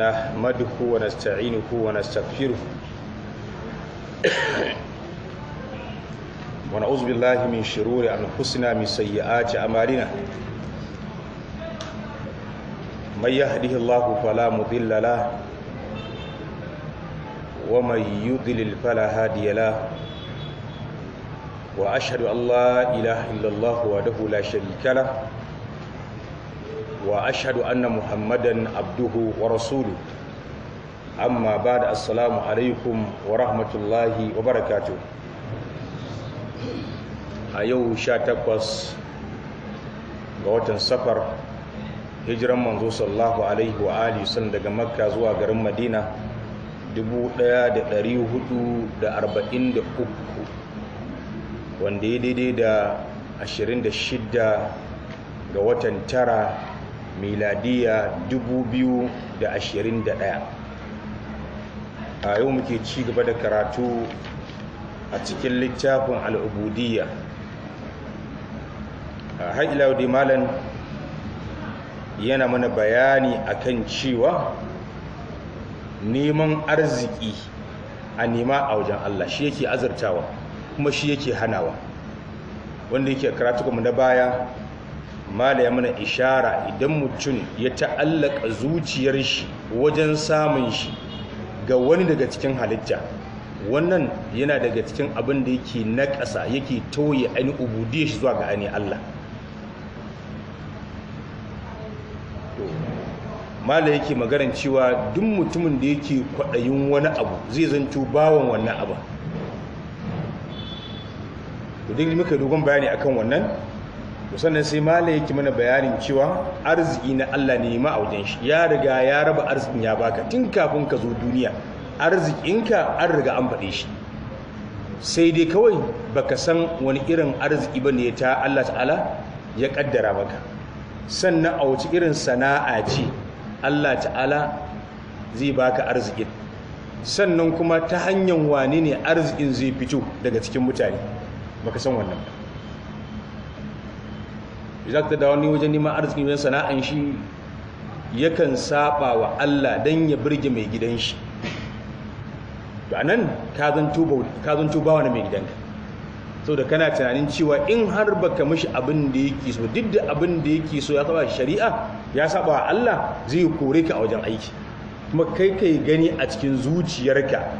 نحمده ونستعينه ونستغفره ونعوذ بالله من شرور أنفسنا من سيئات أعمالنا من يهده الله فلا مضل له ومن يضلل فلا هادي له وأشهد أن لا إله إلا الله وحده لا شريك له amma ba محمدا عبده ورسوله wa بعد السلام عليكم a الله وبركاته takwas ga watan safar hijiran manzo sallallahu alaihi wa alihi sun daga makka zuwa garin madina 1443 wanda ya daidai da 26 ga watan tara miladiya ɗaya. a yau muke ci gaba da karatu a cikin littafin al'ubudiyya a haƙila da malan yana mana bayani a kan cewa neman arziki a nema a wajen Allah shi yake azurtawa kuma shi yake hanawa wanda yake karatu kuma na baya mala ya mana ishara idan mutum ya ta'allaka zuciyar shi wajen samun shi ga wani daga cikin halitta wannan yana daga cikin abin da yake naƙasa yake tauye ainihin ubudiyar shi zuwa ga ainihin Allah mala yake magaran cewa duk mutumin da yake kwaɗayin wani abu zai zanto bawan wannan abu duk muka dogon bayani akan wannan sannan sai mala yake mana bayanin cewa arziki na Allah ne ma a wajen shi ya riga ya raba arzikin ya baka tun kafin ka zo duniya arzikinka an riga an faɗe shi sai dai kawai baka san wani irin arziki ba ne ta Allah ta'ala ya kaddara maka sannan a wace irin sana'a ce Allah ta'ala zai baka arzikin sannan kuma ta hanyar wani ne arzikin zai fito daga cikin mutane baka san wannan ba za ka dawo ni wajen neman arziki wajen sana'an shi yakan saba wa Allah dan ya birge mai gidan shi to nan ka zan tuba wani mai gidanka da kana tunanin cewa in har baka mishi abin da yake so duk da abin da yake so ya saba shari'a ya saba wa Allah zai kore ka a wajen aiki kuma kai kai gani a cikin zuciyarka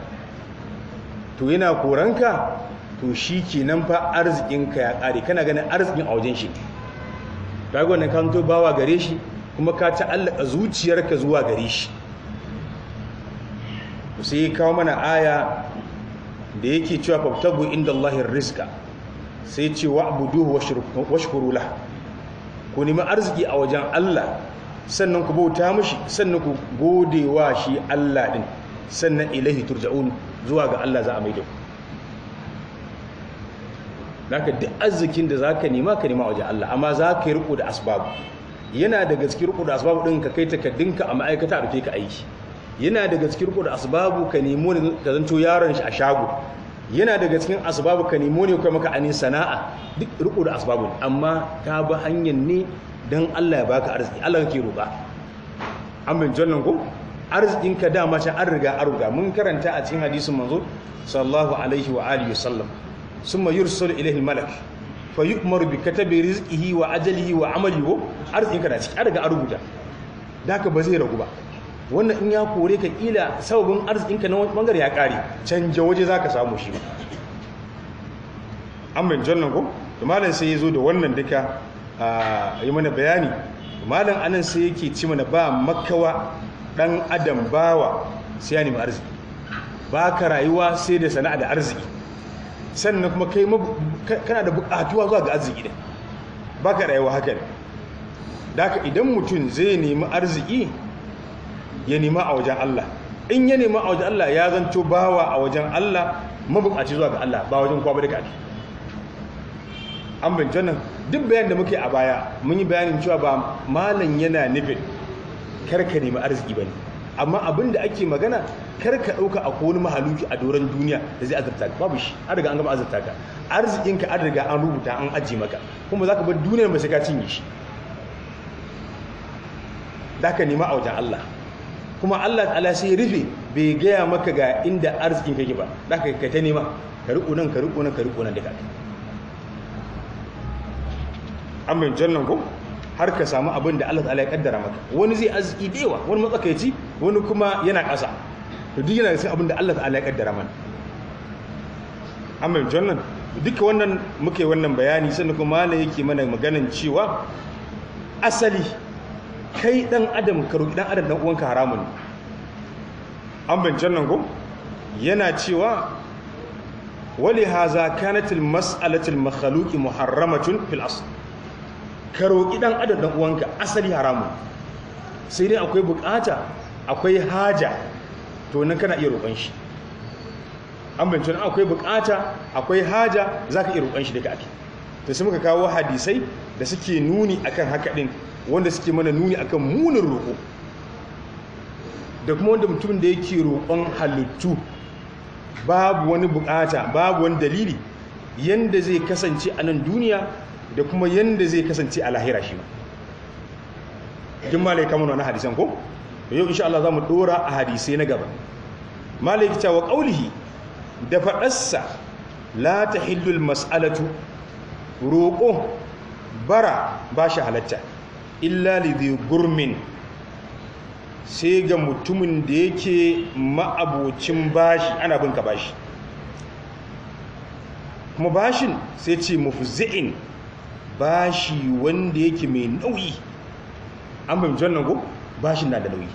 to yana koranka to shi ke nan fa arzikinka ya kare kana ganin arzikin a wajen shi kaga wannan kan to bawa gare shi kuma ka ta'allaka zuciyarka zuwa gare shi sai kawo mana aya da yake cewa fabtagu inda Allahin rizka sai ce wa'buduhu washkuru lah ku nemi arziki a wajen Allah sannan ku bauta mashi sannan ku godewa shi Allah din sannan ilahi turja'un zuwa ga Allah za a maida ku zaka duk arzikin da zaka nema ka nema waje Allah amma zaka yi riko da asbab yana da gaskiya riko da asbab din ka kai takaddunka a ma'aikata a rufe ka aiki yana da gaskiya riko da asbabu ka nemo ne ka zanto yaron shi a shago yana da gaskiya asbabu ka nemo ne kai maka ani sana'a duk riko da asbabu amma ka bi hanyar ne dan Allah ya baka arziki Allah kake roƙa amin jannan arzikin ka dama ta an riga an riga mun karanta a cikin hadisin manzo sallallahu alaihi wa alihi wasallam summa yursalu ilayhi malak fa yu'maru bi katabi rizqihi wa ajalihi wa amalihi wa arzikinka da ciki an a an rubuta da haka ba zai ragu ba wannan in ya kore ka kila sababin arzikinka na wangar bangare ya kare canja waje za ka samu shi ba an bin jannan ko malam sai ya zo da wannan duka yi mana bayani malam anan sai yake ci mana ba makawa dan adam bawa sai ya nemi arziki ba ka rayuwa sai da sana'a da arziki sannan kuma kai kana da buƙatuwa zuwa ga arziki ne ba ka rayuwa haka ne da haka idan mutum zai nemi arziki ya nema a wajen Allah in ya nema a wajen Allah ya zanto bawa a wajen Allah mabukaci zuwa ga Allah ba wajen kwaba da ake. an bincin nan duk bayan da muke a baya mun yi bayanin cewa ba malam yana nufin karka nemi arziki ba ne amma abin da ake magana kar ka ɗauka a wani mahaluki a doron duniya da zai azabta ka babu shi an riga an gama azabta ka arzikinka an riga an rubuta an ajiye maka kuma za ka bar duniyar ba sai ka cinye shi da ka nema a wajen Allah kuma Allah ta'ala sai rufe bai gaya maka ga inda arzikin kake ba da ka kai ta nema ka riƙo nan ka riƙo nan ka riƙo nan da ka an bai jannan ko har ka samu abin da Allah ta'ala ya kaddara maka wani zai arziki da yawa wani matsakaici wani kuma yana ƙasa to duk yana cikin abin da Allah ta'ala ya kaddara mana amma jonnan duka wannan muke wannan bayani sannan kuma malam yake mana maganan cewa asali kai dan adam ka roki dan adam dan uwanka haramun an bincen nan ko yana cewa wali haza kanatil mas'alatil makhluqi muharramatun fil asl ka roki dan adam dan uwanka asali haramun sai dai akwai bukata akwai haja to nan kana iya roƙon shi an bincin akwai bukata akwai haja za ka iya roƙon shi daga ake to sai muka kawo hadisai da suke nuni akan haka ɗin wanda suke mana nuni akan munin roƙo da kuma wanda mutum da yake roƙon halittu babu wani bukata babu wani dalili yanda zai kasance a nan duniya da kuma yanda zai kasance a lahira shi ma jin malai kamar wani hadisan ko yau insha Allah za mu dora a hadisai na gaba malik ta wa qaulihi da faɗarsa la tahillul mas'alatu roƙo bara ba shi halatta illa lidhi gurmin sai ga mutumin da yake ma'abocin bashi ana bin ka bashi kuma bashin sai ce mufzi'in bashi wanda yake mai nauyi an fahimci wannan ku? bashin na da nauyi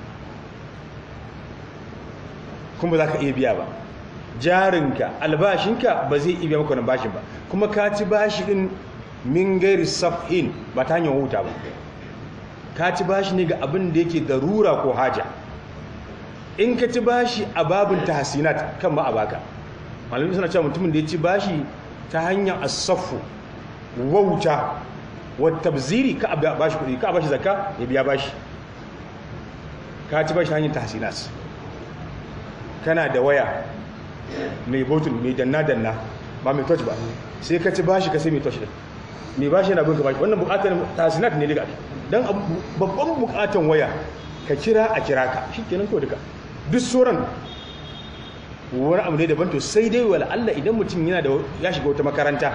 kuma za ka iya biya ba jarinka albashinka ba zai iya biya maka wannan bashin ba kuma ka ci bashi din min gairi saf'in ba ta hanyar wuta ba ka ci bashi ne ga abin da yake darura ko haja in ka ci bashi a babin tahsinat kan ba a baka malami suna cewa mutumin da ya ci bashi ta hanyar asafu wauta wa ziri ka a bashi kuɗi ka a bashi zakka ya biya bashi ka ci bashi hanyar tahsilat kana da waya mai botul mai danna danna ba mai touch ba sai ka ci bashi ka sai mai touch mai bashi yana bin ka bashi wannan bukatar tahsilat ne daga Don babban bukatan waya ka kira a kira ka shi shikenan ko duka duk sauran wani abu ne daban to sai dai wala Allah idan mutum yana da ya shiga wata makaranta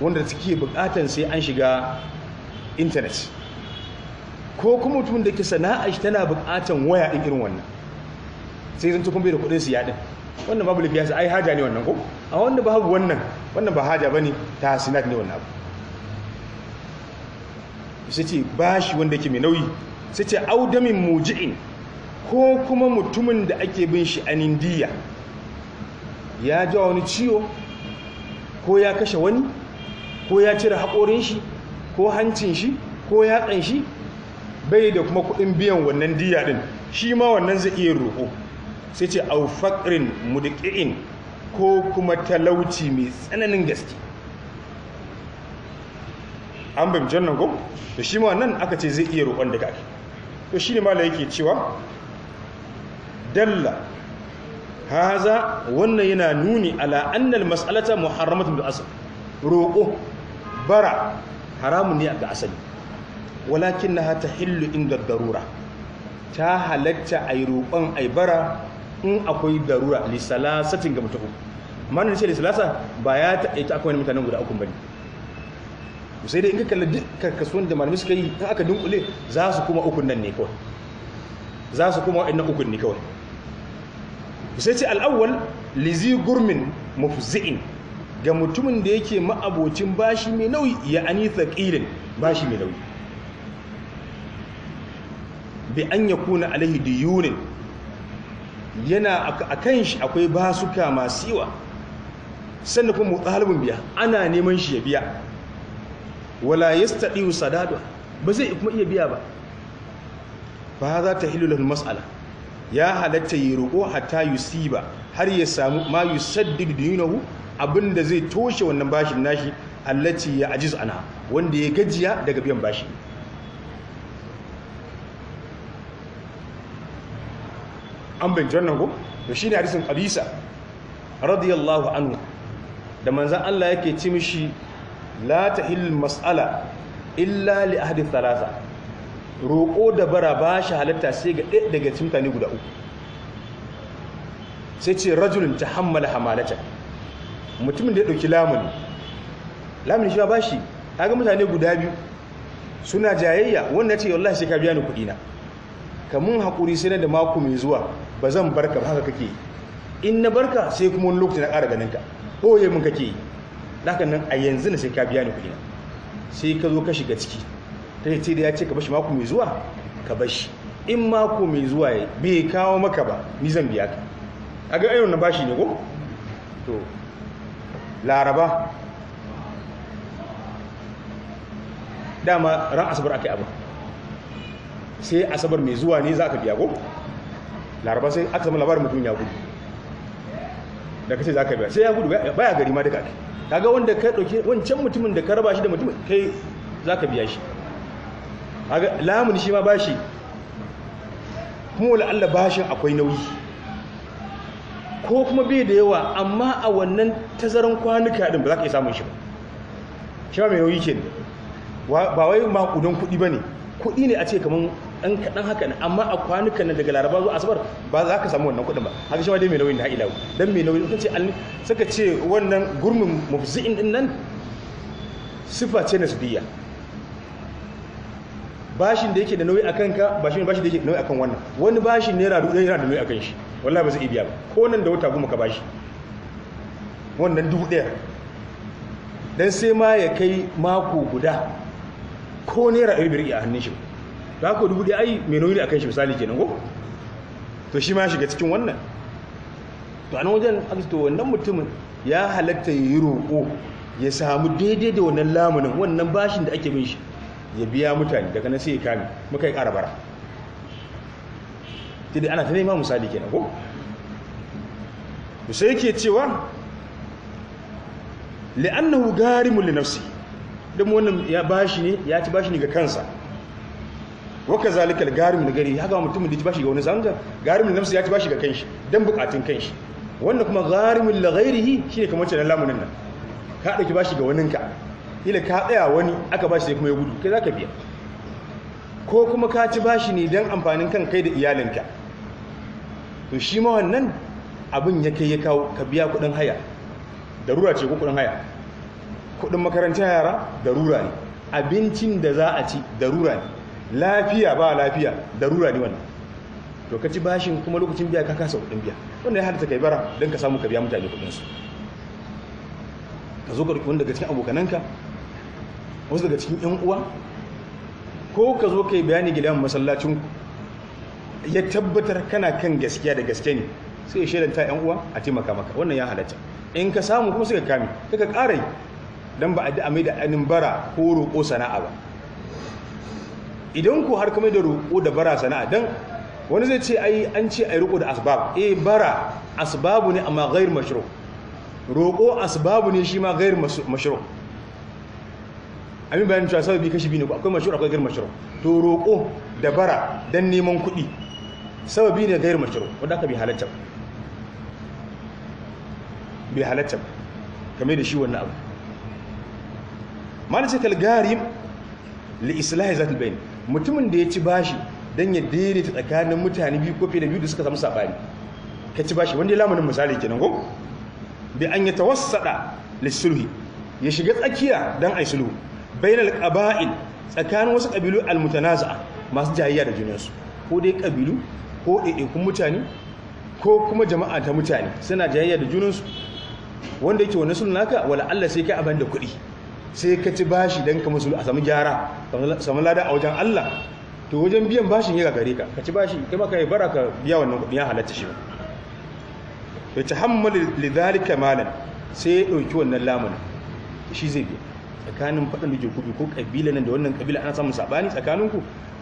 wanda suke bukatan sai an shiga intanet ko kuma mutum da ke sana'a shi tana buƙatan waya ɗin irin wannan sai zan tukun bai da kuɗin siya ɗin wannan babu lafiya ai haja ne wannan ko a ba babu wannan wannan ba haja bane ta sinat ne wannan abu sai ce bashi wanda yake mai nauyi sai ce audamin muji'in ko kuma mutumin da ake bin shi an indiya ya ja wani ciwo ko ya kashe wani ko ya cire haƙorin shi ko hancin shi ko yatsan shi bai da kuma kuɗin biyan wannan diya ɗin shi ma wannan zai iya roƙo sai ce au mudiƙi'in ko kuma talauci mai tsananin gaske an bai nan ko da shi ma wannan aka ce zai iya roƙon da gaki to shi ne ma yake cewa dalla haza wannan yana nuni ala annal mas'alata muharramatun da asali roƙo bara haramun ne ga asali walakin na hata hillu inda darura ta halatta a yi roƙon aibara in akwai darura satin ga mutu manar ce lissalasa ba ya taɗaita akwai wani mutanen guda ukun ba ne sai dai in ka kalli dukkan kasuwan da malamai suka yi in aka dunkule za su kuma ukun nan ne kawai za su kuma waɗannan uku ne kawai sai ce al'awwal lizi gurmin mafuzi'in ga mutumin da yake ma'abocin bashi mai nauyi ya ani thaqilin bashi mai nauyi bi an kuna alaihi diyunin yana akan shi akwai basuka masu yiwa sannan kuma mutalibin biya ana neman shi ya biya wala yastadiu sadadu ba zai kuma iya biya ba ba za ta hilulun matsala ya halatta yi roƙo hatta ba har ya samu ma da Yunahu abinda zai toshe wannan bashin nashi allati ya ajiz ana wanda ya gajiya daga biyan bashi an bincin ko da shi ne hadisin kabisa radiyallahu anhu da manzan Allah yake ci mishi la tahil matsala illa li ahadi thalatha roƙo da bara ba shi halitta sai ga ɗaya daga cikin guda uku sai ce rajulun tahammala hamalata mutumin da ya ɗauki lamuni lamuni shi ba shi kaga mutane guda biyu suna jayayya wanda ce wallahi shi ka biya ni kuɗi na kamun haƙuri sai da mako mai zuwa ba zan barka ba haka kake in na barka sai kuma wani lokaci na ƙara ganin ka ya mun kake dakan nan a yanzu na sai ka biya ni kuɗi sai ka zo ka shiga ciki ta ce da ya ce ka bashi mako mai zuwa ka bashi in mako mai zuwa ya bai kawo maka ba ni zan biya ka a ga ayon na bashi ne ko to laraba dama ran asabar aka yi abu sai asabar mai zuwa ne za ka biya ko laraba sai aka zama labarin mutum ya gudu da kace zaka biya sai ya gudu baya gari ma duka kaga wanda ka dauke wancan mutumin da ka raba shi da mutum kai zaka biya shi kaga lamun shi ma bashi kuma wala Allah bashin akwai nauyi ko kuma bai da yawa amma a wannan tazaran kwanuka din ba za ka yi samun shi ba shi ma mai nauyi ke ba wai makudan kuɗi ba ne kuɗi ne a ce kamar dan kaɗan haka ne amma a kwanuka ne daga laraba zuwa asabar ba za ka samu wannan kuɗin ba haka shi ma dai mai nauyin da ilawu dan mai nauyin suka ce suka ce wannan gurmin mufzi'in din nan sifa ce nasbiya bashin da yake da nauyi akan ka bashin bashin da yake da nauyi akan wannan wani bashin naira dubu yana da nauyi akan shi wallahi ba zai biya ba ko nan da wata goma ka bashi wannan dubu ɗaya dan sai ma ya kai mako guda ko naira ɗari biyar a hannun shi ba da haka dubu ɗaya ai mai nauyi a kan shi misali kenan ko to shi ma ya shiga cikin wannan to an wajen to wannan mutumin ya halatta ya yi roƙo ya samu daidai da wannan lamunin wannan bashin da ake bin shi ya biya mutane daga nan sai ya kame muka yi ƙara bara tidai ana ta nema misali kenan ko sai yake cewa li'annahu garimun li nafsi dan wannan ya bashi ne ya ci bashi ne ga kansa waka zalikal garim da gari ya ga mutumin da ya ci bashi ga wani zanga garim nafsi ya ci bashi ga kanshi dan bukatun kanshi wannan kuma garimul la shi ne kamar cewa lamunin nan ka dauki bashi ga ka ila ka tsaya wani aka bashi sai kuma ya gudu kai zaka biya ko kuma ka ci bashi ne dan amfanin kan kai da iyalinka to shi ma wannan abin ya kai ya kawo ka biya kudin haya darura ce ko kudin haya kudin makarantar yara darura ne abincin da za a ci darura ne lafiya ba lafiya darura ne wannan to ka ci bashin kuma lokacin biya ka kasa kudin biya wanda ya hada kai bara don ka samu ka biya mutane kudin su ka zo ka wanda wani daga cikin abokananka wasu daga cikin yan uwa ko ka zo kai bayani gida masallacin ya tabbatar kana kan gaskiya da gaske ne sai ya shaidanta yan uwa a taimaka maka wannan ya halatta in ka samu kuma suka kame kaka ƙara don ba a da amai da anin bara ko roƙo sana'a ba idan ku har kuma da roƙo da bara sana'a dan wani zai ce ai an ce ai roƙo da asbab eh bara asbabu ne amma ghair mashru roƙo asbabu ne shi ma ghair mashru amin bayanin cewa sababi kashi biyu ne akwai mashru akwai ghair mashru to roƙo da bara dan neman kuɗi sababi ne ghair mashru wanda aka bi halatta bai halatta da shi wannan abu mana ce kalgari li islahi zatul bayn mutumin da ya ci bashi don ya daidaita tsakanin mutane biyu ko fiye da biyu da suka samu sabani ka ci bashi wanda ya lamunin misali kenan ko bai an yatawassada lisulhi ya shiga tsakiya don ai sulhu bainal tsakanin wasu kabilu almutanaza masu jayayya da junansu ko dai kabilu ko ɗaiɗaikun mutane ko kuma jama'a ta mutane suna jayayya da junansu wanda yake wani sun naka wala Allah sai ka abin da kuɗi sai ka ci bashi don ka musulun a samu gyara sami lada a wajen Allah to wajen biyan bashin ya gagare ka ka ci bashi kai maka yi bara ka biya wannan kudin ya halatta shi ya ta hammali lidhalika malan sai ya dauki wannan da shi zai biya tsakanin faɗin da kubi ko kabila nan da wannan kabila ana samun sabani tsakanin ku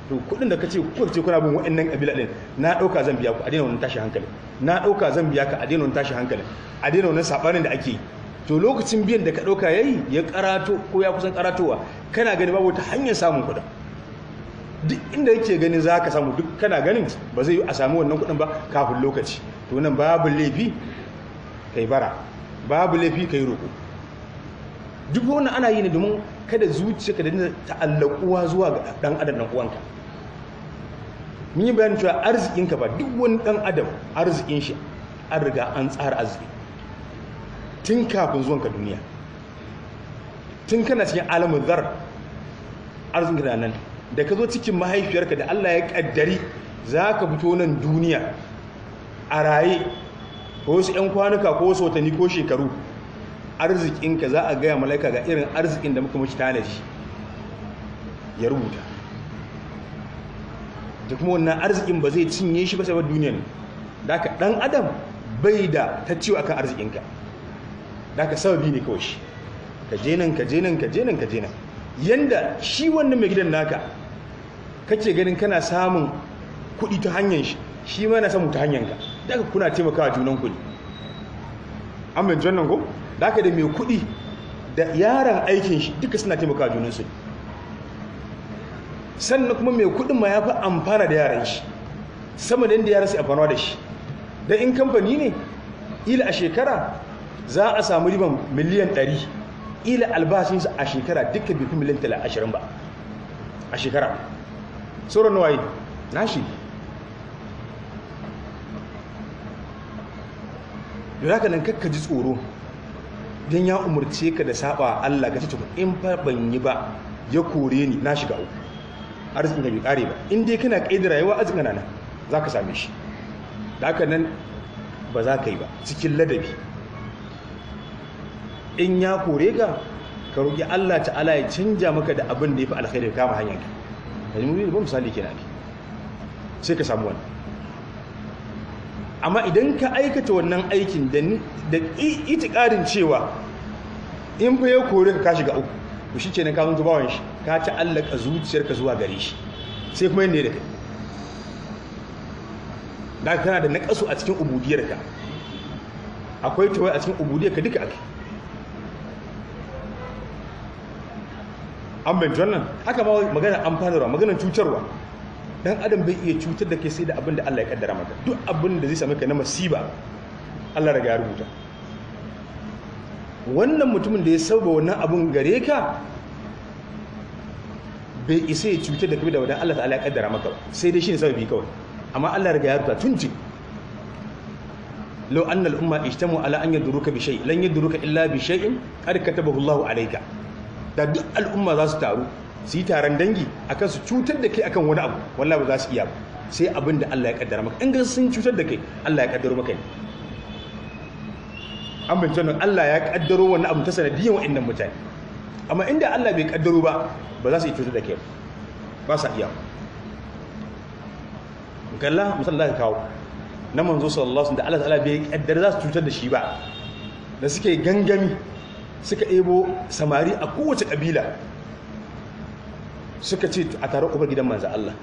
to kudin da kace kuka ce kuna bin waɗannan kabila din na dauka zan biya ku a daina wannan tashi hankali na dauka zan biya ka a daina wannan tashi hankali a daina wannan sabanin da ake yi to lokacin biyan da ka ɗauka ya yi ya ƙarato ko ya kusan ƙaratowa kana gani babu ta hanyar samun kuɗin duk inda yake gani za ka samu duk kana ganin ba zai yi a samu wannan kuɗin ba kafin lokaci to nan babu laifi ka yi bara babu laifi ka yi roƙo duk wannan ana yi ne domin kada zuciya ka da ta'allakuwa zuwa ga ɗan adam ɗan uwanka mun yi bayanin cewa arzikinka ba duk wani ɗan adam arzikin shi an riga an tsara arziki tun kafin zuwanka duniya tun kana cikin alamun zar arzikin da nan da ka zo cikin mahaifiyarka da Allah ya kaddari za ka fito nan duniya a raye ko wasu 'yan kwanuka ko wasu watanni ko shekaru arzikinka za a gaya mala'ika ga irin arzikin da muka mashi tanaji ya rubuta da kuma wannan arzikin ba zai cinye shi ba sai ba duniya ne da ka ɗan adam bai da ta ciwo akan arzikinka da ka sababi ne kawai shi ka je nan ka je nan ka je nan ka je nan yanda shi wannan mai gidan naka kake ganin kana samun kuɗi ta hanyar shi shi ma yana samun ta hanyar ka da ka kuna taimakawa junan kuɗi an bai junan ko da ka da mai kuɗi da yaran aikin shi duka suna taimakawa junan su sannan kuma mai kuɗin ma ya fi amfana da yaran shi sama da yadda yaran su amfana da shi don in kamfani ne ila a shekara za a samu riban miliyan 100 ila albashinsa a shekara dukkan bifin miliyan 20 ba a shekara sauran waye nashi da haka nan kakka ji tsoro don ya umarce ka da saba Allah ga cikin in fa ban yi ba ya kore ni na shiga uku arzikin ka bai kare ba in dai kana da rayuwa arzikin nan za ka same shi da haka nan ba za ka yi ba cikin ladabi in ya kore ka ka roƙi Allah ta'ala ya canja maka da abin da fi alkhairi ka kama hanyar ka yanzu ba misali kenan sai ka samu wani. amma idan ka aikata wannan aikin da ƙarin cewa in fa ya kore ka shiga uku ku shi ce na kamun zubawan shi ka ta'allaka zuciyarka zuwa gare shi sai kuma yadda da kai da kana da kasu a cikin ubudiyarka akwai tawai a cikin ubudiyarka duka ake an bai wannan haka ma magana amfanarwa magana cutarwa dan adam bai iya cutar da ke sai da abin da Allah ya kaddara maka duk abin da zai same ka na masiba Allah ya ya rubuta wannan mutumin da ya saba wannan abun gare ka bai isa ya cutar da kai da wadan Allah ta'ala ya kaddara maka sai dai shine sababi kawai amma Allah ya ya rubuta tunji law anna al-umma ijtamu ala an yadruka bi shay lan yadruka illa bi shay'in qad katabahu alayka da duk al'umma za su taru su yi taron dangi a kan su cutar da kai kan wani abu wallah ba za su iya ba sai abin da Allah ya kaddara maka in ga sun cutar da kai Allah ya kaddaro maka ne an bin nan Allah ya kaddaro wani abu ta sanadiyan wa'annan mutane amma inda Allah bai kaddaro ba ba za su yi cutar da kai ba sa iya kalla musamman da ka kawo na manzo sallallahu alaihi wasallam da Allah ta'ala bai kaddara za su cutar da shi ba da suke gangami suka ebo samari a kowace kabila suka ce a taron kofar gidan manzan Allah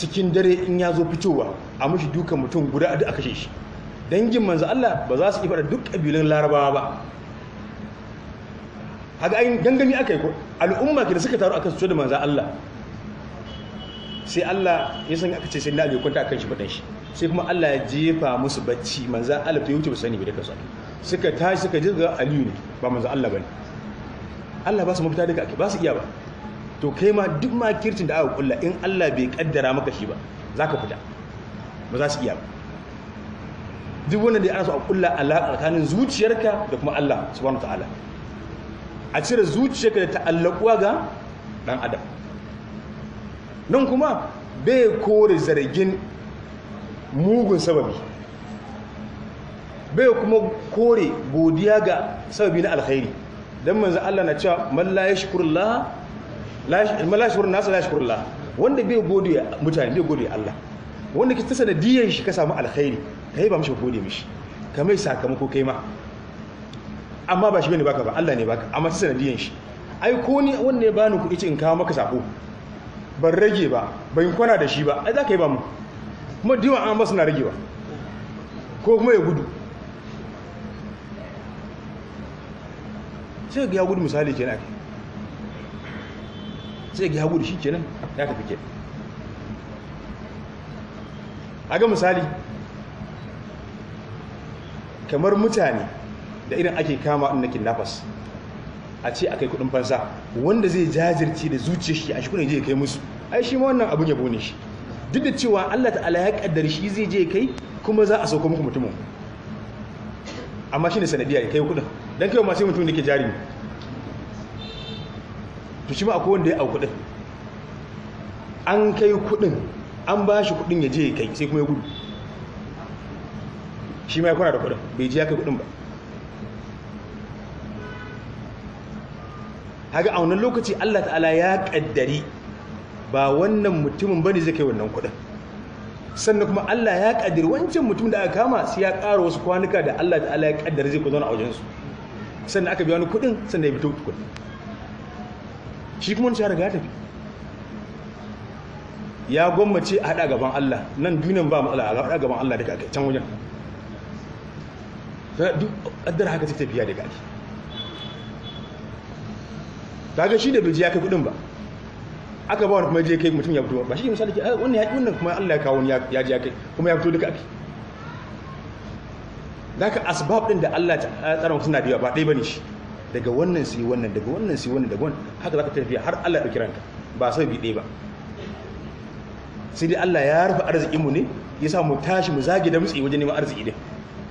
cikin dare in ya zo fitowa a mashi dukan mutum guda a kashe shi dangin manzan Allah ba za su da duk kabilun larabawa ba ga ayin gangami aka yi ko al'umma ke da suka taru akan su da manzan Allah sai Allah ya san aka ce sai na aliyu kwanta kan shi fadan shi sai kuma Allah ya jefa musu bacci manzan Allah ta wuce ba sani bai da kasa suka tashi suka jirga aliyu ne ba manzan Allah ba ne Allah ba su mafita daga ake ba su iya ba to kai ma duk ma kirtin da aka kulla in Allah bai kaddara maka shi ba za ka fita ba za su iya ba duk wannan da ana so a kulla alaƙa tsakanin zuciyarka da kuma Allah subhanahu ta'ala a cire zuciyarka da ta'allakuwa ga dan adam nan kuma bai kore zargin mugun sababi bai kuma kore godiya ga sababi na alkhairi don manzan Allah na cewa mallaye shukurullah nasa la wanda bai godiya mutane bai godiya Allah wanda ta sanadiyar shi ka samu alkhairi ka yi ba mashi gode mashi ka mai sakamako kai ma amma ba shi ne baka ba Allah ne baka amma ta sanadiyar shi ai ko ni wanda ya bani kuɗi cikin kawo maka sako ban rage ba ban kwana da shi ba ai za ka yi ba mu kuma diwan an basu na ragewa ko kuma ya gudu sai ga ya gudu misali ke kenan sai ga ya gudu shi nan ya tafi ke a ga misali kamar mutane da irin ake kama ɗin na kidnappers a ce a kai kudin fansa wanda zai jajirce da zuciya shi a shi kuna je kai musu ai shi ma wannan abin yabo ne shi duk da cewa Allah ta'ala ya kaddar shi zai je kai kuma za a sauko muku mutumin amma shi ne sanadiyya ya kai kudin don kai masu mutum da ke jari to shi ma akwai wanda ya au kudin an kai kudin an ba shi kudin ya je ya kai sai kuma ya gudu shi ma ya kuna da kudin bai ji ya kai kudin ba haka a wannan lokaci Allah ta'ala ya kaddari ba wannan mutumin bane zai kai wannan kuɗin sannan kuma Allah ya kadir wancan mutum da aka kama sai ya ƙara wasu kwanuka da Allah da Allah ya kaddara zai ku zauna a wajensu sannan aka biya wani kuɗin sannan ya fito kudin shi kuma wani shahara ga tafi ya gwammace a haɗa gaban Allah nan duniyan ba matsala a haɗa gaban Allah da kakai can wajen duk ƙaddar haka take tafiya da kaki ta ga shi da bai ji ya kai kuɗin ba aka ba wani kuma je kai mutum ya fito ba shi misali ke wannan wannan kuma Allah ya kawo wani ya ji kai kuma ya fito duka Da ka asbab din da Allah ta tsara suna ba ɗaya ba dai bane shi daga wannan yi wannan daga wannan yi wannan daga wannan haka zaka tafiya har Allah ya dauki ranka ba sai bi dai ba sai dai Allah ya rufe arziki mu ne ya sa mu tashi mu zage da mutsi wajen neman arziki din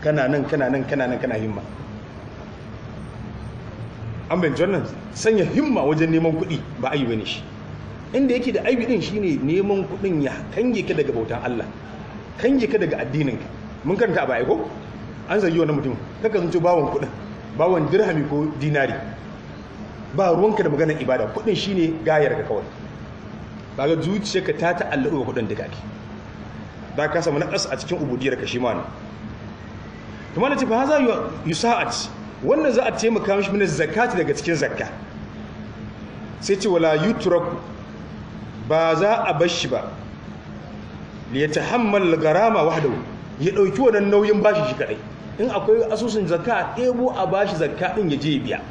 kana nan kana nan kana nan kana himma an bin jannan sanya himma wajen neman kuɗi ba ayyuka ne shi inda yake da aibi din shine neman kuɗin ya kange ka daga bautan Allah kange ka daga addinin ka mun karanta a baya ko an zargi na mutum kaka sun bawon kuɗin bawon dirhami ko dinari ba ruwanka da maganar ibada kuɗin shine gayar ka kawai kaga zuciyarka ta ta'allaka ga kudin daga ki ba ka samu naqas a cikin ubudiyar ka shi ma ne to mana ce fa haza yusa'at wannan za a taimaka mishi min zakati daga cikin zakka sai ce wala yutraku ba za a bar ba ya tahammal garama wahdahu ya dauki wannan nauyin bashi shi kadai in akwai asusun zakka ebo a bashi zakka din ya je biya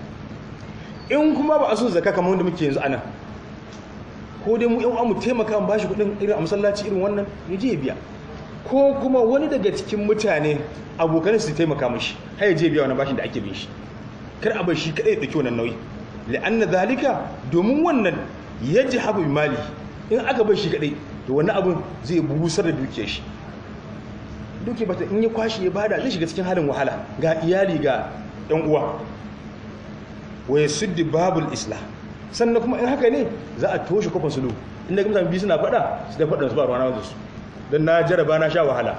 in kuma ba asusun zakka kamar wanda muke yanzu anan ko dai mu yan uwa mu taimaka mu bashi kudin irin a masallaci irin wannan ya je biya ko kuma wani daga cikin mutane abokan su taimaka mishi har ya je biya wannan bashin da ake bin shi kar a bar shi kadai ya dauki wannan nauyi la'anna zalika domin wannan yajhabu mali in aka bai shi kadai to wani abin zai busar da dukiyar shi duke bata in ya kwashi ya bada zai shiga cikin halin wahala ga iyali ga ɗan uwa waya suddi babul isla. sannan kuma in haka ne za a toshe kofar sulu inda kuma biyu suna fada su da fada su ba ruwana wanzu su don na jaraba na sha wahala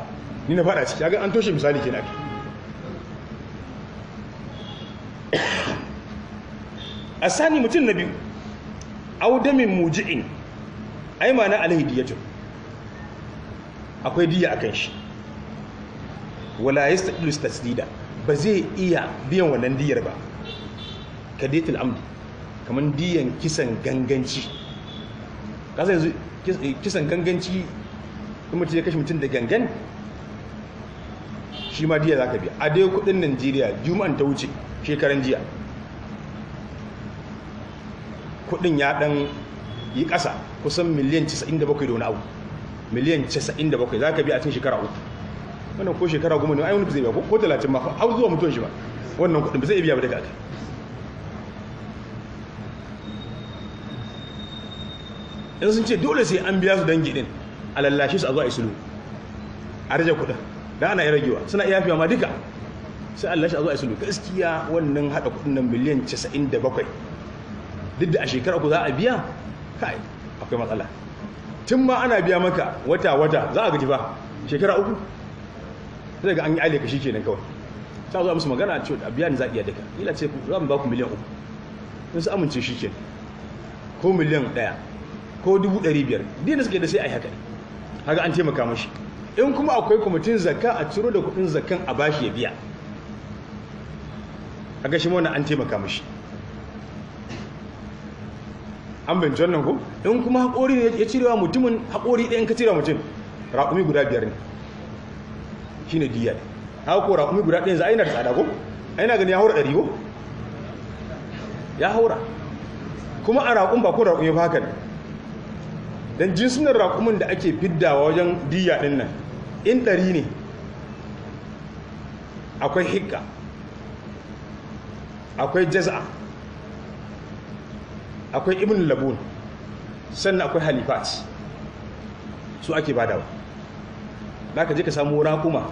ni na fada ciki a ga an toshe misali ke ake. a sani mutum na biyu audamin muji'in ai ma na alaihi diyatun akwai diya akan shi wala yastadilu tasdida ba zai iya biyan wannan diyar ba kadatul amdi kaman diyan kisan ganganci kasa yanzu kisan ganganci in mutum ya kashe mutum da gangan shi ma diya za ka biya a dai kudin najeriya juma'an ta wuce shekaran jiya kudin ya dan yi kasa kusan miliyan 97 da wani abu miliyan 97 za ka biya a cikin shekara uku wannan ko shekara goma ne yi wani zai biya ko talatin ma har zuwa mutuwan shi ba wannan kudin ba zai biya ba daga aka in sun ce dole sai an biya su dangi din a lallashe su a zuwa isulu a rage kudin da ana yi ragewa suna iya fiye ma duka sai an shi a zuwa isulu gaskiya wannan hada kudin nan miliyan 97 duk da a shekara ku za a biya kai akwai matsala tun ma ana biya maka wata-wata za a gaji ba shekara uku zai ga an yi aile ka shi nan kawai ta zuwa musu magana ce a biya ni za a iya daga ila ce za mu ba ku miliyan uku in su amince shi ke ko miliyan ɗaya ko dubu ɗari biyar din da suke da sai a yi haka haka an taimaka mashi in kuma akwai kwamitin zakka a ciro da kuɗin zakkan a bashi ya biya a gashi mana an taimaka mashi an bin jannan ko in kuma haƙori ne ya cirewa mutumin haƙori ɗayan ka cirewa mutum raƙumi guda biyar ne shi ne diya ne haka ko raƙumi guda ɗayan za a yi na tsada ko a na gani ya haura ɗari ko ya haura kuma a raƙun ba ko raƙumi ba haka ne don jinsunan raƙumin da ake fiddawa wajen diya ɗin nan in ɗari ne akwai hikka akwai jaza'a akwai ibn labun sannan akwai halifat su ake badawa ba ka je ka samu rakuma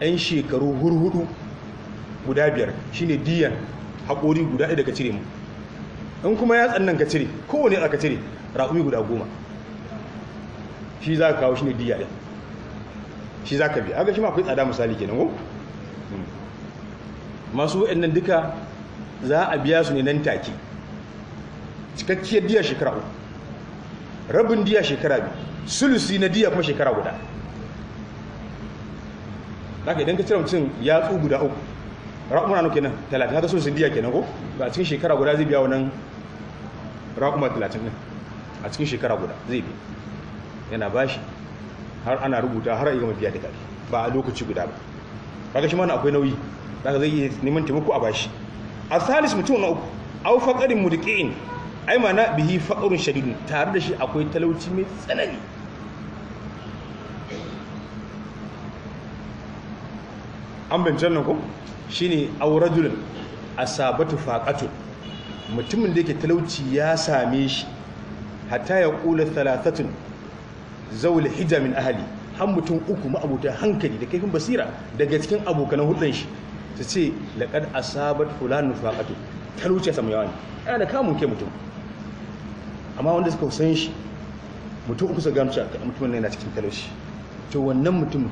'yan shekaru hurhudu guda biyar shine diyan haƙori guda ɗaya daga cire mu in kuma ya tsannan ka cire kowane ya ka cire raƙumi guda goma shi za ka kawo shi ne diya ɗin shi za ka bi aga shi ma akwai tsada misali kenan ko hmm. masu waɗannan duka za a biya su ne nan take cikakkiyar diya shekara uku rabin diya shekara biyu sulusi na diya kuma shekara guda haka idan ka cire mutum ya tsu guda uku raƙuma nuke nan talatin haka sulusin diya kenan ko a cikin shekara guda zai biya wannan raƙuma talatin nan a cikin shekara guda zai biya yana bashi har ana rubuta har a yi gama biya da kari ba a lokaci guda ba kaga shi mana akwai nauyi zaka zai iya neman taimako a bashi a salis mutum na uku au faqarin mudqi'in ai mana bihi fa'urun shadidun tare da shi akwai talauci mai tsanani an bincan nan ko shine a asabatu faqatun mutumin da yake talauci ya same shi hatta ya kula thalathatun zawul hijamin ahali, har mutum uku ma'abuta hankali da kaifin basira daga cikin abokan hudun shi su ce laqad asabat a faqatun talauci ya samu yawa ne yana da kamun ke mutum amma wanda suka san shi mutum uku su gamci a mutumin yana cikin talauci to wannan mutum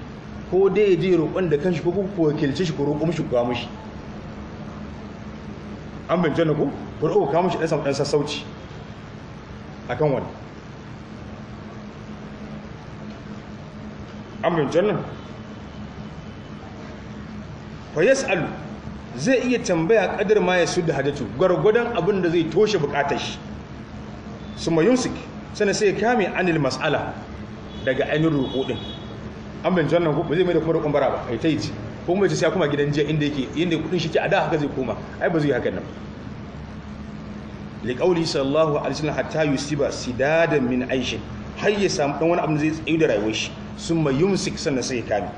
ko dai ya je roƙon da kanshi ko ku wakilce shi ko roƙo mishi ko mishi an bin na ku ko roƙo ka mishi ɗan sassauci a kan wani an bin nan fa yas'alu zai iya tambaya kadar ma ya sudda hajjatu gwargwadon abin da zai toshe bukatar shi summa yumsik sannan sai ya kame anil mas'ala daga ainihin roƙo an bin jannan ko ba zai mai da kuma roƙon bara ba ai ta yi ko mai ta sai kuma gidan jiya inda yake inda kudin shi ke a da haka zai koma ai ba zai hakan nan liqauli sallallahu alaihi wasallam hatta yusiba sidadan min aishin har ya samu dan wani abu zai tsayu da rayuwar shi summa yumsik sannan sai ya kame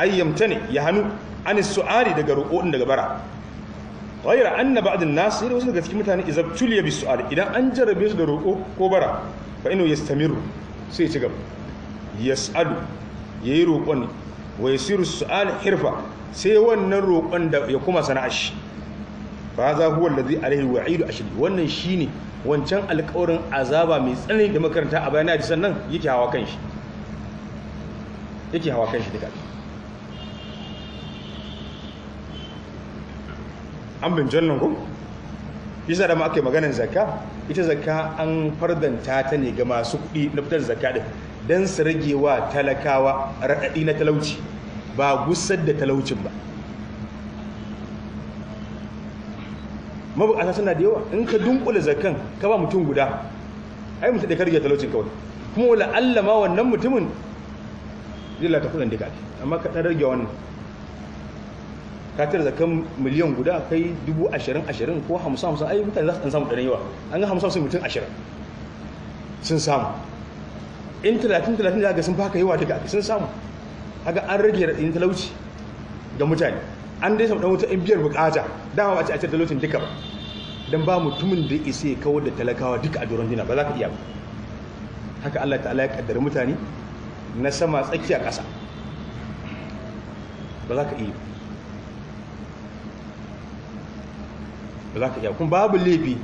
ayyamta ne ya hannu an su'ari daga roƙo daga bara ghayra anna ba'd an-nas sai wasu daga cikin mutane idza tuliya bi idan an jarabe su da roƙo ko bara fa inu yastamiru sai ya ci gaba yas'alu yayi roƙon wa yasiru su'al hirfa sai wannan roƙon da ya kuma sana'a shi fa za huwa alladhi alayhi wa'idu ashli wannan shine wancan alƙawarin azaba mai tsanani da makaranta a bayanai hadisan nan yake hawa kanshi yake hawa kanshi duka an bin nan ku yasa da ma aka yi maganar zakka ita zaka an fardanta ta ne ga masu kuɗi na fitar zakka ɗin dan su rage wa talakawa raɗaɗi na talauci ba gusar da talaucin ba mabukata suna da yawa in ka dunkula zakan ka ba mutum guda ai mutum da ka rage talaucin kawai kuma wala allama wannan mutumin zai lata kudin da amma ka ɗan rage wannan ka tare da kan miliyan guda kai dubu ashirin ashirin ko hamsin hamsin ai mutane za su samu ɗan yawa an ga hamsin sun mutum ashirin sun samu in talatin talatin da sun baka yawa duka sun samu haka an rage raɗin talauci ga mutane an dai samu ɗan wuta in biyar bukata dama ba a ce a ce talaucin duka ba don ba mutumin da isa ya kawar da talakawa duka a doron dina ba za ka iya ba haka Allah ta'ala ya kaddara mutane na sama tsakiya ƙasa ba za ka iya ba to za ka iya kuma babu laifi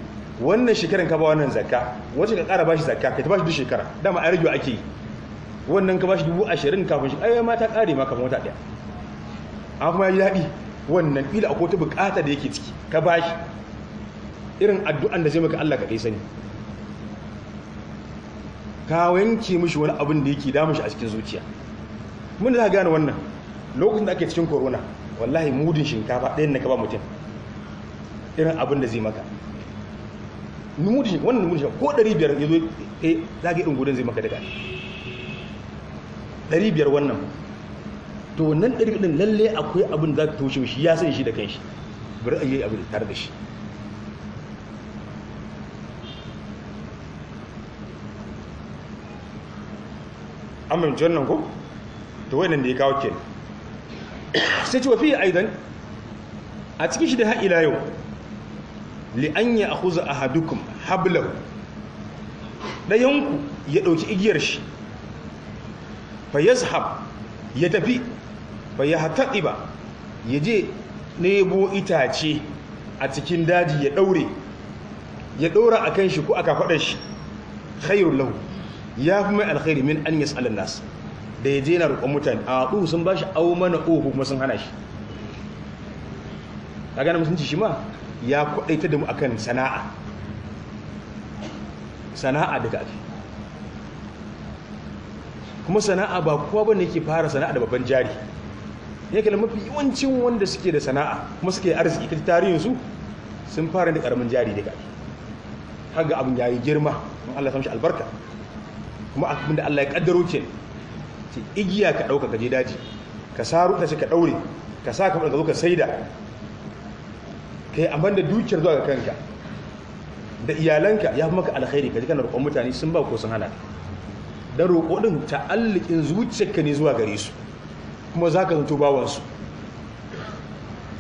wannan shekaran ka ba wannan zakka wacce ka kara bashi zakka ka ta bashi duk shekara dama a rijo ake yi wannan ka bashi dubu ashirin kafin shi ayyama ta kare ma kafin wata ɗaya an kuma yi daɗi wannan fila akwai ta bukata da yake ciki ka bashi irin addu'an da zai maka Allah ka kai sani ka wanke mishi wani abin da yake damu shi a cikin zuciya mun da gane wannan lokacin da ake cikin korona wallahi mudin shinkafa ɗayan na ka ba mutum irin abin da zai maka numudin wannan numudin ko 500 ya zo eh za ka ɗin gudun zai maka daga 500 wannan to wannan 500 ɗin lalle akwai abin da za ka toshe shi ya san shi da kan shi bari a yi abin tare da shi an mai mamci nan ko to wannan da ya kawo ke sai ci fiye aidan a cikin shi da ha'ila yau li an ya a hadukun hablau ɗayanku ya ɗauki igiyar shi fa yazhab ya tafi fa ya je nebo itace a cikin daji ya ɗaure ya daura kan shi ko aka kafaɗar shi khairul lau ya fi mai alkhairi min an yi yas'al nas da ya je na roƙon mutane a ɗuhu sun ba shi au mana o kuma sun hana shi a gane shi ma ya kwaɗaita da mu akan sana'a sana'a daga ake kuma sana'a ba kowa ba ne ke fara sana'a da babban jari ya kala mafi yawancin wanda suke da sana'a kuma suke arziki ta tarihinsu sun fara da karamin jari daga ake haga abin ya girma in Allah shi albarka kuma abin da Allah ya kaddaro ke ce igiya ka ɗauka ka je daji ka saru ta ce ka ɗaure ka sa ka ka zo ka saida kai eh, amma da dukiyar zuwa ga kanka da iyalanka ya fi maka alkhairi ka ji kanar kwan mutane sun ba ko sun hana da roƙo ɗin ta'allikin zuciyarka ne zuwa gare su kuma za ka zanto bawansu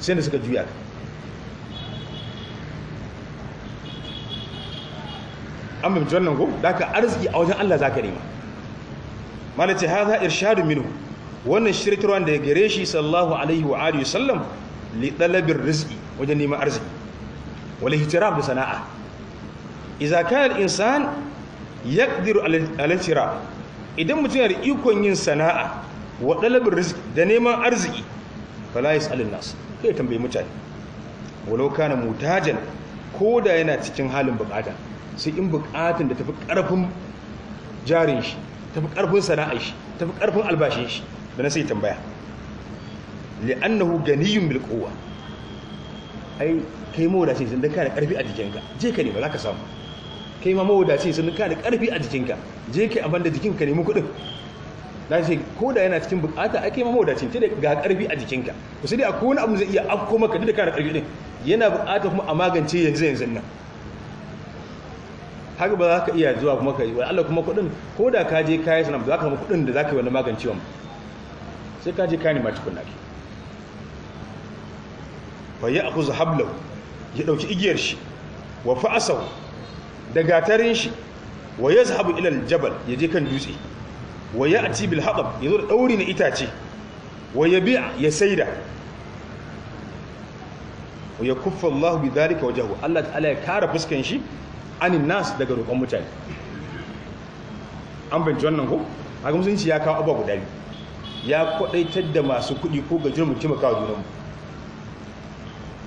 sai da suka juya ka an bamci wannan ko da ka arziki a wajen Allah za ka nema mana ce haza irshadu minu wannan shirkirwa da ya gare shi sallahu alaihi wa sallam li ɗalabin Rizki. wajen neman arziki wal ihtiram da sana'a idza kana insan yaqdiru al idan mutum yana da ikon yin sana'a wa dalabin riziki da neman arziki fala yasalun nas kai tambayi mutane walau kana mutajan ko da yana cikin halin bukata sai in bukatun da tafi ƙarfin jarin shi tafi karfin sana'a shi tafi ƙarfin albashin shi da na sai tambaya li'annahu ganiyun bil quwwa ai kai mawadaci sun kana karfi a jikinka je ka nema za ka samu kai ma mawadaci sun kana karfi a jikinka je ka abin da jikinka nemi kuɗin na ce ko da yana cikin bukata ake ma mawadacin ce ga karfi a jikinka ku sai dai akwai wani abu zai iya afko maka duk da kana karfi din yana bukata kuma a magance yanzu yanzu nan haka ba za ka iya zuwa kuma ka yi wani Allah kuma kuɗin ko da ka je kayan ba za ka samu kuɗin da za ka yi wani magancewa sai ka je kayan ma cikin ke. fa ya akuzu hablau ya ɗauki igiyar shi wa fa'asau da gatarin shi wa ya zahabu ilal jabal ya je kan dutse wa ya aci bil ya zo da ɗauri na itace wa ya biya ya saida wa ya kufa Allah bi dhalika wajahu Allah ta'ala ya kara fuskan shi anin nas daga roƙon mutane an wannan ko haka musulunci ya kawo abubuwa guda biyu ya kwaɗaitar da masu kuɗi ko gajiyar mutum kawo junanmu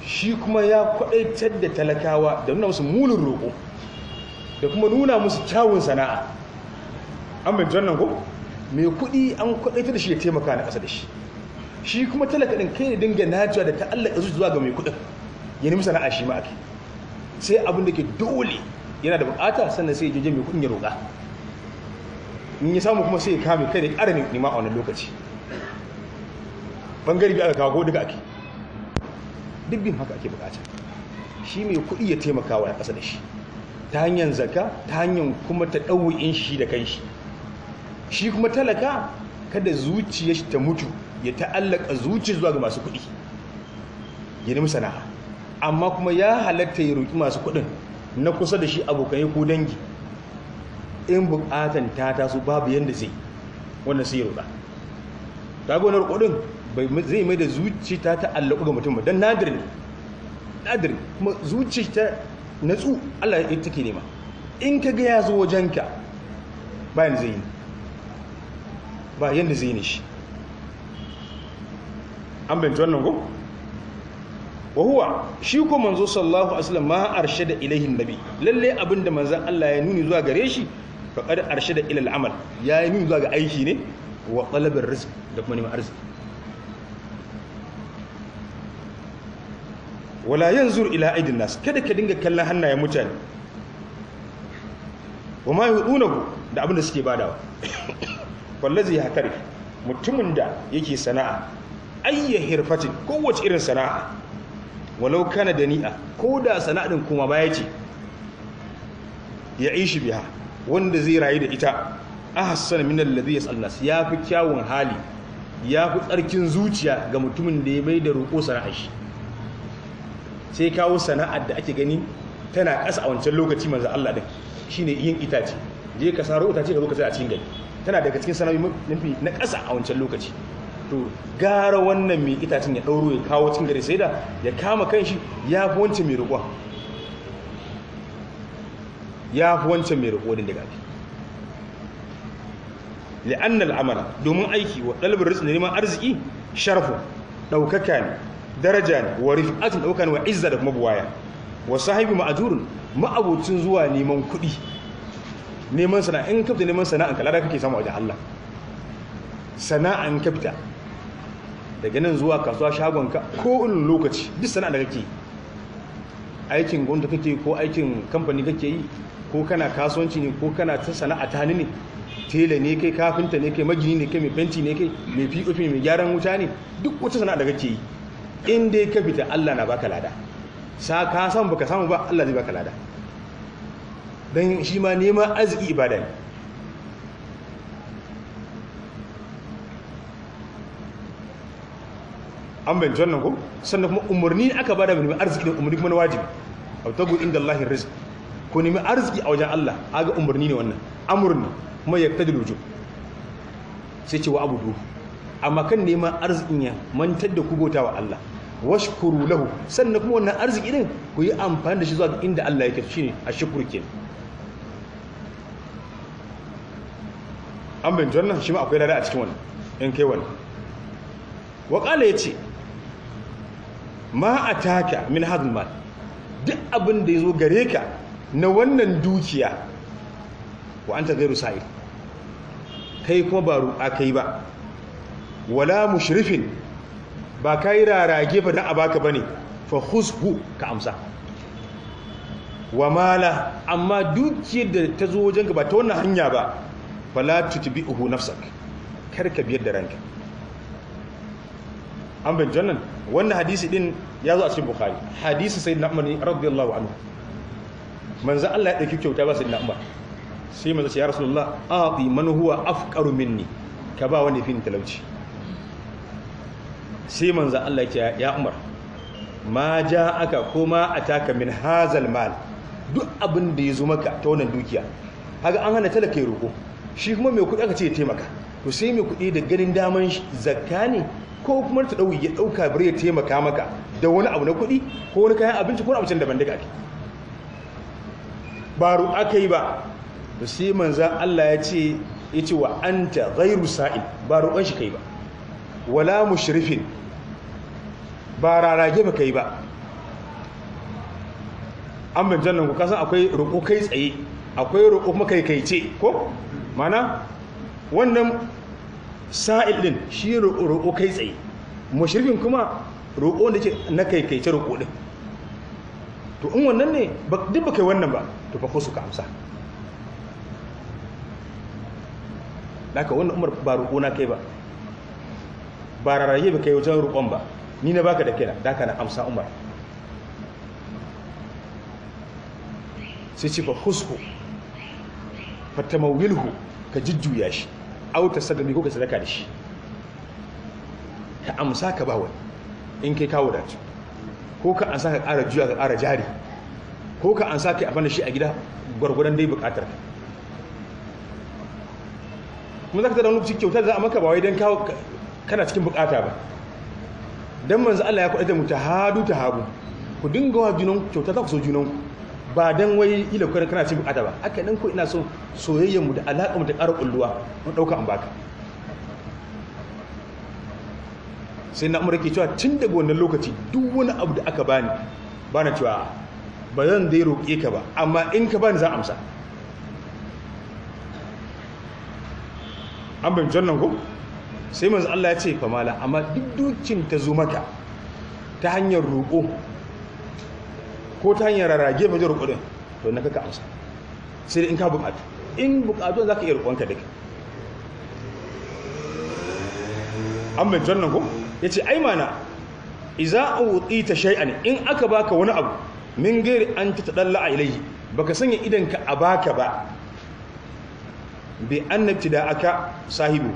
shi kuma ya kwadaitar da talakawa da nuna musu mulin roƙo da kuma nuna musu kyawun sana'a an bai nan ko mai kuɗi an kwadaitar da shi ya taimaka na ƙasa da shi shi kuma talaka ɗin kai ne dinga najiya da ta'allaka zuwa ga mai kuɗin ya nemi sana'a shi ma ake sai abin da ke dole yana da bukata sannan sai ya je mai kuɗin ya roƙa in ya samu kuma sai ya kame kai da ƙara nima a wani lokaci bangare biyu aka kawo duka ake duk bin haka ake bukata shi mai kuɗi ya taimaka wa ya ƙasa da shi ta hanyar zaka ta hanyar kuma ta ɗauwa'in shi da kanshi shi kuma talaka kada zuciya shi ta mutu ya ta'allaka zuci zuwa ga masu kuɗi ya nemi sana'a amma kuma ya halatta ya roƙi masu kuɗin na kusa da shi abokan ko dangi in bukatan ta taso babu yadda zai wannan sai ya roƙa ta kuɗin zai mai da zuci ta allaku ga mutum don nadir ne nadir kuma zuci ta natsu Allah ya take nema in ka ga ya zo wajenka bayan zai yi ba yadda zai ne shi an binci wannan ko wahuwa shi ko manzo sallahu alaihi wasallam ma da ilaihin nabi lalle abinda manzon Allah ya nuni zuwa gare shi faqad arshe da ilal amal ya yi nuni zuwa ga aiki ne wa talabir rizq da kuma neman arziki wala yanzur ila aidin nas kada ka dinga kallon hannayen mutane wa ma yudunahu da abinda da suke badawa ya hakari mutumin da yake sana'a ayyar hirfatin kowace irin sana'a walau kana da ni'a ko da sana'adin kuma baya ce ya ishi biha wanda zai rayu da ita a Hassan da zai alladhi tsallas ya fi kyawun hali ya fi tsarkin zuciya ga mutumin da ya bai da roƙo sana'a shi sai kawo sana'ar da ake gani tana ƙasa a wancan lokaci manzo Allah din shine yin itace je ka saro itace ka zo ka sai a cikin gari tana daga cikin sana'o'i mafi na ƙasa a wancan lokaci to gara wannan mai itacen ya ɗauro ya kawo cikin gari sai da ya kama kanshi ya fi wancan mai rikuwa ya fi wancan mai rikuwa daga ake li'annal amara domin aiki wa ɗalibin rizki neman arziki sharfu ɗaukaka ne daraja ne wa rif'atun daukan wa izza da kuma buwaya wa sahibi ma'ajurun ma'abucin zuwa neman kuɗi neman sana'a in kafta neman sana'a kala da kake samu a Allah sana'an kafta daga nan zuwa kasuwa shagonka ko in lokaci duk sana'a da kake aikin gwamnati kake ko aikin kamfani kake yi ko kana kasuwanci ne ko kana ta sana'a ta hannu ne tela ne kai kafinta ne kai magini ne kai mai fenti ne kai mai pop mai gyaran wuta ne duk wata sana'a da kake yi in dai ka fita Allah na baka lada sa ka san baka samu ba Allah zai baka lada dan shi ma neman arziki ibada ne an bayyana wannan ko sannan kuma umarni aka bada mai arziki da umarni kuma na wajibi aw tagu inda Allah rizq ko nemi arziki a wajen Allah aga umarni ne wannan amurni kuma yaqtadil wujub sai ce wa abudu amma kan neman arzikin ya mantar da ku bauta wa Allah washkuru lahu sannan kuma wannan arziki din ku yi amfani da shi zuwa inda Allah yake shine a ke an bin wannan shi ma akwai dare a cikin wannan in kai wannan wa qala yace ma ataka min hadal mal duk abin da yazo gare ka na wannan dukiya wa anta ghairu sa'il kai kuma ba ru'a kai ba wala mushrifin ba yi rarage ba dan a baka ne fa khushu ka amsa wa mala amma dukiyar da ta zo wajenka ba ta wannan hanya ba fala tutbi'uhu nafsak kar ka biyar da ranka an bin jannan wannan hadisi din ya zo a cikin bukari hadisi sayyidina umar radiyallahu anhu manzo Allah ya dauki kyauta ba sayyidina umar sai manzo ya rasulullah a'ti man huwa afqaru minni ka ba wani fin talauci sai manzan Allah ya ya umar ma ja aka a taka min hazal mal duk abin da ya zo maka ta wannan dukiya haka an hana talaka ya roko shi kuma mai kuɗi aka ce ya taimaka to sai mai kuɗi da ganin daman zakka ne ko kuma ta ɗauki ya ɗauka bari ya taimaka maka da wani abu na kuɗi ko wani kayan abinci ko wani abincin daban daga ake ba ru aka yi ba to sai manza Allah ya ce ya ce wa anta ghairu sa'il ba roƙon shi kai ba wala mushrifin ba rarage ba kai ba an binjan nan ku kasan akwai roƙo kai tsaye akwai roƙo makaikaice ko mana wannan sa'il din shi roƙo kai tsaye mashirfin kuma roƙo da ke na kaikaice roƙo din to in wannan ne duk ba kai wannan ba to fa su ka amsa da wannan umar ba roƙo na kai ba ba rarraye ba kai wajen roƙon ba ni na baka da kira da na amsa umar sai ce fa husku fa tamawilhu ka jujjuya shi au ta sadami ko ka sadaka da shi ka amsa ka ba wani in kai kawo da ko ka ansa ka ƙara juya ka ƙara jari ko ka ansa ka abana shi a gida gwargwaron dai bukatar ka kuma za ka tada wani kyauta za a maka bawai don kawo kana cikin bukata ba dan manzo Allah ya faɗa da mu ta hagu ku dinga wa junan kyauta za ku junan ba dan wai ila kwarin kana ci bukata ba aka dan ko ina so soyayya mu da alaƙar mu ta ƙara kulluwa mun dauka an baka sai na umar cewa tun daga wannan lokaci duk wani abu da aka bani bana cewa ba zan dai roƙe ka ba amma in ka bani za amsa an bin ko sai manzo Allah ya ce famala amma duk dukin ta zo maka ta hanyar roƙo ko ta hanyar rarage zai roƙo din to na kaka amsa sai in ka buƙatu in buƙatu za ka iya roƙonka duka an bai tuwan ko ya ce ai mana iza ta shay'an in aka baka wani abu min gairi an ta tadalla a ba baka sanya idanka a baka ba bi annabti da aka sahibu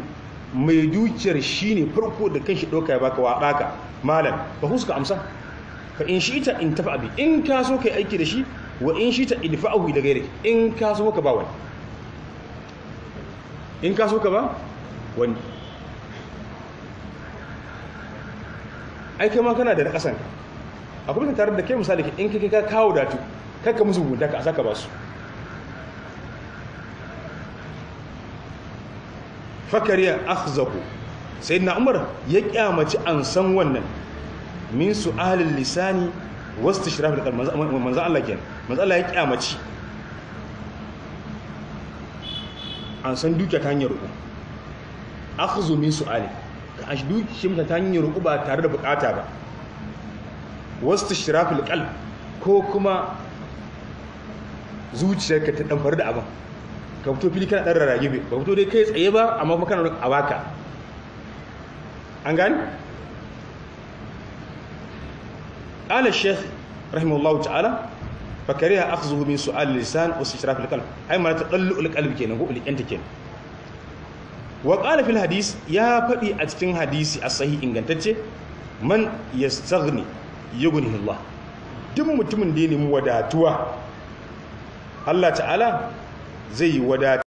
mai dukiyar ne farko da kan shi doka ya baka wa baka malam ba suka amsa ka in shi ta in tafi bi in ka so kai aiki da shi wa in shi ta in idfa'u da gairi in ka so ka ba wani in ka so ka ba wani aiki ma kana da nakasan akwai tare da kai misali in kai ka kawo datu kakka musu gunta ka ka ba su fakariya akhzahu sayyidina umar ya kyamaci an san wannan min su'alil lisani wastishraf da manzo manzo Allah kenan manzo Allah ya kyamaci an san duke ta hanyar ruku akhzu min su'ali ka ash duke shi ta hanyar ruku ba tare da bukata ba wastishraf alqalb ko kuma zuciyarka ta danfar da abin ka fito fili kana dan rarrage ba fito dai kai tsaye ba amma kuma kana a baka an gani قال الشيخ رحمه الله تعالى فكره اخذه من سؤال اللسان واستشراف القلب اي ما تدلق القلب kenan ko ta kenan wa qala fil hadis ya faɗi a cikin hadisi a sahi ingantacce man yastaghni yughnihi Allah duk mutumin da ya nemi wadatuwa Allah ta'ala zai yi wadata